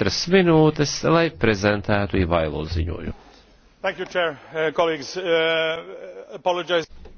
četras minūtes, lai prezentētu Ivailo ziņojumu. Thank you, Chair. Uh, colleagues, uh, apologize.